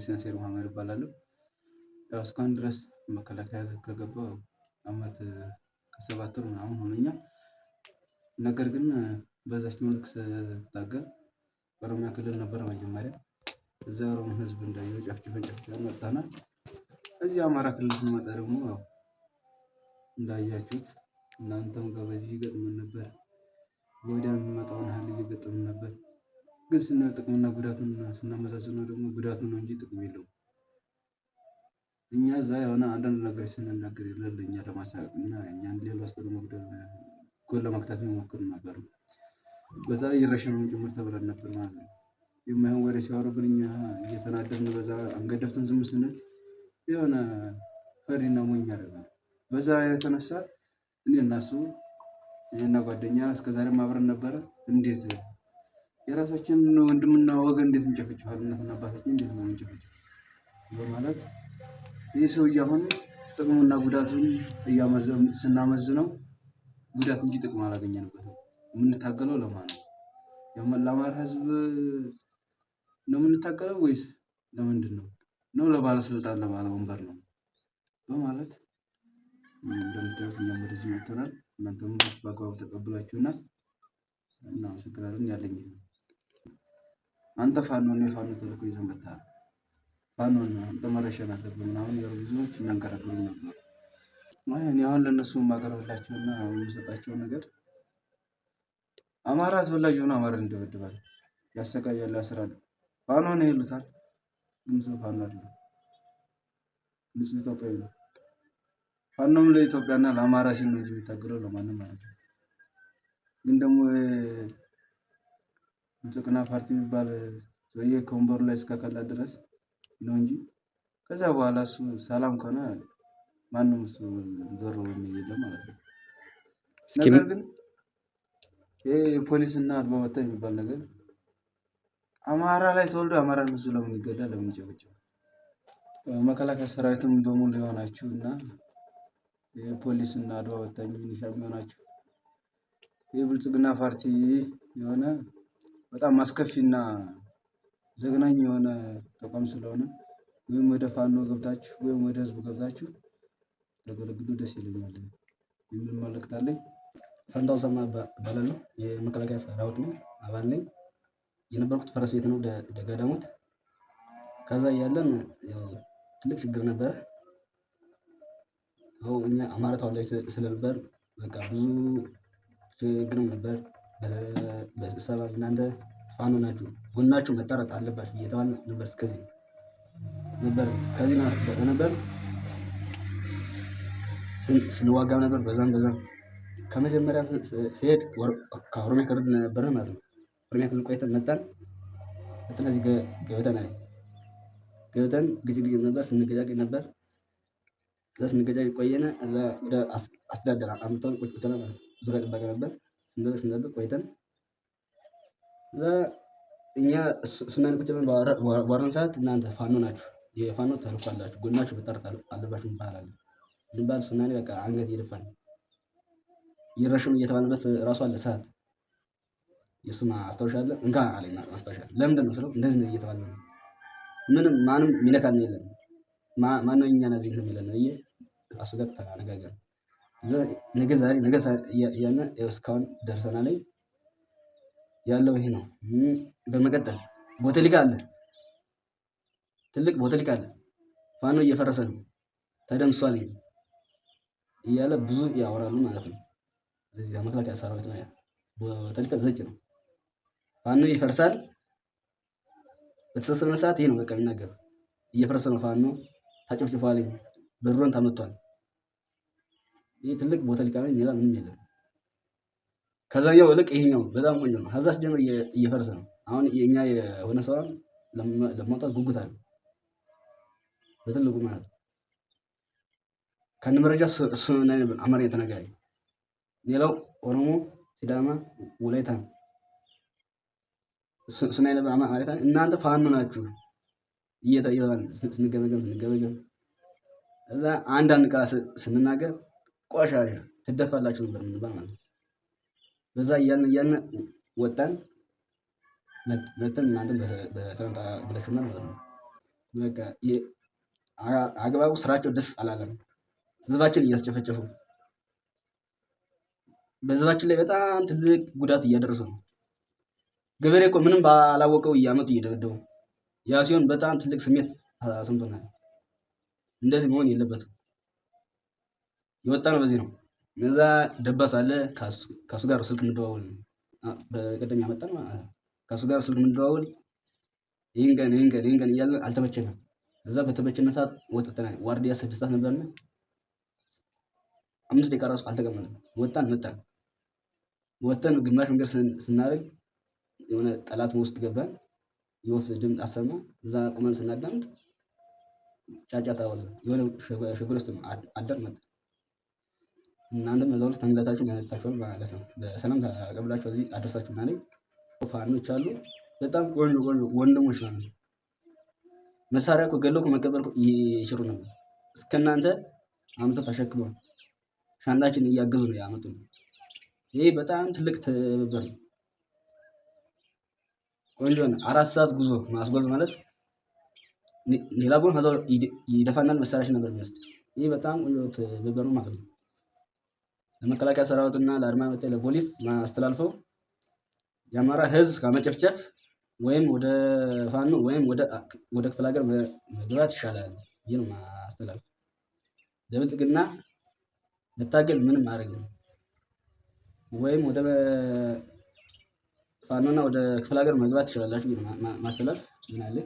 ክርስቲያን ሰይድ መሀመድ ይባላለሁ። ያው እስካሁን ድረስ መከላከያ ከገባሁ አመት ከሰባት ወር ምናምን ሆኖኛል። ነገር ግን በዛች መልክ ስታገል ኦሮሚያ ክልል ነበረ መጀመሪያ። እዛ ኦሮሞ ህዝብ እንዳየው ጨፍጭፈን ጨፍጭፈን መጣናል። እዚህ አማራ ክልል ስንመጣ ደግሞ እንዳያችሁት እናንተም ጋር በዚህ ገጥመን ነበር። ወዲያ የሚመጣውን ያህል እየገጠምን ነበር። ግን ስና ጥቅምና ጉዳቱን ስናመዛዝነው ደግሞ ጉዳቱ ነው እንጂ ጥቅም የለውም። እኛ እዛ የሆነ አንዳንድ ነገር ስንናገር ይላል እኛ ለማሳቅ እና እኛን ሌላ ውስጥ ለመጉደል ጎን ለመክታት የሚሞክሩ ነበር። በዛ ላይ ይረሸኑን ጭምር ተብለን ነበር ማለት ነው። የማይሆን ወሬ ሲያወሩብን እኛ እየተናደድን በዛ አንገደፍተን ዝም ስንል የሆነ ፈሪና ሞኝ ያደርጋል። በዛ የተነሳ እኔ እና እሱ ጓደኛ እስከዛሬም አብረን ነበረ እንዴት የራሳችን ወንድምና ወገን እንዴት እንጨፈጭፋለን? እናትና አባታችን እንዴት ነው እንጨፈጭፋለን? በማለት ይህ ሰውዬ አሁን ጥቅሙና ጉዳቱን ስናመዝ ነው ጉዳት እንጂ ጥቅም አላገኘንበትም። የምንታገለው ለማን ነው? ለአማራ ህዝብ ነው የምንታገለው ወይስ ለምንድን ነው? ነው ለባለስልጣን ለባለ ወንበር ነው በማለት እንደምታዩት እኛም ወደዚህ መጥተናል። እናንተም በአግባቡ ተቀብላችሁና እናመሰግናለን። ያለኝ አንተ ፋኖ ነው የፋኖ ተልዕኮ ይዘህ መጥተሃል፣ ፋኖን በመረሸን አለብህ ምናምን ያው ብዙዎች የሚያንገራግሩ ነበር። እኔ አሁን ለእነሱ የማቀርብላቸውና የሚሰጣቸው ነገር አማራ ተወላጅ የሆነ አማራን ይደበድባል፣ ያሰቃያል፣ ያስራል። ፋኖ ነው ይሉታል፣ ግን ብዙ ፋኖ አለ ብዙ ኢትዮጵያዊ ነው። ፋኖም ለኢትዮጵያና ለአማራ ሲል ነው የሚታገለው፣ ለማንም ማለት ነው። ግን ደግሞ ብልጽግና ፓርቲ የሚባል ሰውዬ ከወንበሩ ላይ እስከከላ ድረስ ነው እንጂ ከዛ በኋላ እሱ ሰላም ከሆነ ማንም እሱ ዞር ብሎ የለ ማለት ነው። ነገር ግን ይህ የፖሊስና አድማ የሚባል ነገር አማራ ላይ ተወልዶ አማራ ነሱ ለምን ይገዳል? ለምን ይጨፈጭፋል? መከላከያ ሰራዊትም በሙሉ የሆናችሁ እና የፖሊስና አድማ በታኝ ሚኒሻ የሚሆናችሁ ይህ ብልጽግና ፓርቲ የሆነ በጣም አስከፊና ዘግናኝ የሆነ ተቋም ስለሆነ ወይም ወደ ፋኖ ገብታችሁ ወይም ወደ ህዝቡ ገብታችሁ ተገለግሉ ደስ ይለኛል የሚል መልእክት አለኝ። ፈንታው ሰማ እባላለሁ። የመከላከያ ሰራዊት ነው አባል ነኝ። የነበርኩት ፈረስ ቤት ነው ደጋዳሞት ከዛ እያለን ትልቅ ችግር ነበረ። ያው እኛ አማራ ተወላጅ ስለነበር በቃ ብዙ ችግርም ነበር። በስብሰባ እናንተ ፋኖ ናችሁ፣ ጎናችሁ መጠራት አለባችሁ እየተባለ ነበር። እስከዚህ ነበር ከዚህ ነበር ስንዋጋ ነበር። በዛም በዛም ከመጀመሪያ ሲሄድ ከኦሮሚያ ክልል ነበር ማለት ነው። ኦሮሚያ ክልል ቆይተን መጣን። እንትን እዚህ ገብተን አይ ገብተን ግጭ ነበር፣ ስንገጫገጭ ነበር። እዛ ስንገጫገጭ ቆየነ። እዛ ወደ አስተዳደር አምጥተን ቁጭ ብለን ዙሪያ ጥበቃ ነበር ስንጠብቅ ስንጠብቅ ቆይተን እኛ ሱናን ቁጭ ብለን ባወራን ሰዓት እናንተ ፋኖ ናችሁ፣ የፋኖ ተልእኮ አላችሁ፣ ጎናችሁ መጣራት አለባችሁ እንባላለን። ድንባል በቃ አንገት ይረሽም እየተባለበት ራሱ አለ ሰዓት እንካ አለኝ ለምንድን ነው ስለው እንደዚህ እየተባለ ነው። ምንም ማንም ሚነካን የለም። ማነው እኛ ነዚህ ነው የሚለን? እሱ ጋር ተነጋገርን። ነገ ዛሬ ነገ እያለ እስካሁን ላይ ያለው ይሄ ነው። በመቀጠል ቦተሊካ አለ፣ ትልቅ ቦተሊካ አለ። ፋኖ እየፈረሰ ነው፣ ተደምሷል እያለ ብዙ ያወራሉ ማለት ነው። እዚህ መከላከያ ሰራዊት ነው ያለው። ቦተሊካ ዘጭ ነው፣ ፋኖ ይፈርሳል። በተሰሰነ ሰዓት ይሄ ነው በቃ የሚናገር። እየፈረሰ ነው ፋኖ፣ ታጨፍጭፏል፣ በድሮን ተመቷል። ይህ ትልቅ ቦታ ሊቃሚ ሌላ ምንም የለም። ከዛኛው ይልቅ ይሄኛው በጣም ቆንጆ ነው። ከዛ ሲጀምር እየፈረሰ ነው። አሁን የኛ የሆነ ሰውን ለማውጣት ጉጉት አለ በትልቁ ማለት ነው። መረጃ እሱ አማርኛ ተናጋሪ፣ ሌላው ኦሮሞ፣ ሲዳማ፣ ወላይታ ነው። ስናይ ማለት እናንተ ፋኖ ናችሁ እየተባልን ስንገመገም ስንገመገም እዛ አንዳንድ ቃል ስንናገር ቆሻሻ ትደፋላችሁ ነበር የምንባል ማለት ነው። በዛ እያልን እያልን ወጣን መተን እናንተ በሰላም ብላችሁና ማለት ነው። በቃ አግባቡ ስራቸው ደስ አላለም። ህዝባችን እያስጨፈጨፉ በህዝባችን ላይ በጣም ትልቅ ጉዳት እያደረሱ ነው። ገበሬ እኮ ምንም ባላወቀው እያመጡ እየደበደቡ ያ ሲሆን በጣም ትልቅ ስሜት አሰምቶናል። እንደዚህ መሆን የለበትም። ይወጣል። በዚህ ነው። እዛ ደባስ አለ። ከሱ ጋር ስልክ የምንደዋወል በቀደም ያመጣን ከሱ ጋር ስልክ የምንደዋወል ይህን ቀን ይህን ቀን ይህን ቀን እያለን አልተመቸንም። እዛ በተመቸነ ሰዓት ወጥተናል። ዋርዲያ ስድስት ሰዓት ነበርና አምስት ደቂቃ ራሱ አልተቀመጥም። ወጣን መጣን ወጥተን ግማሽ መንገድ ስናደርግ የሆነ ጠላት ውስጥ ገባን። የወፍ ድምፅ አሰማ። እዛ ቁመን ስናዳምጥ ጫጫታ ወዘ የሆነ ሸጎል ውስጥ አደር መጣ እናንተም በዛው ልክ ተንግላታችሁ መጣችኋል ማለት ነው። በሰላም ተቀብላችሁ እዚህ አደረሳችሁ ማለት ፋኖች አሉ። በጣም ቆንጆ ቆንጆ ወንድሞች ናቸው። መሳሪያ እኮ ገለው መቀበል ይችሉ ነበር። እስከናንተ አምጥተው ተሸክመው ሻንዳችን እያገዙ ነው ያመጡ። ይሄ በጣም ትልቅ ትብብር ነው። ቆንጆ ነው። አራት ሰዓት ጉዞ ማስጓዝ ማለት ሌላ ቦን ሀዛው ይደፋናል። መሳሪያችን ነበር የሚወስድ ይህ በጣም ቆንጆ ትብብር ነው ማለት ነው። ለመከላከያ ሰራዊትና ለአድማ በታኝ ለፖሊስ ማስተላልፈው የአማራ ህዝብ ከመጨፍጨፍ ወይም ወደ ፋኖ ወይም ወደ ክፍለ ሀገር መግባት ይሻላል። ይህን ማስተላለፍ ለብልጽግና መታገል ምንም ማድረግ ነው። ወይም ወደ ፋኖና ወደ ክፍለ ሀገር መግባት ይሻላላችሁ ማስተላለፍ ምናለ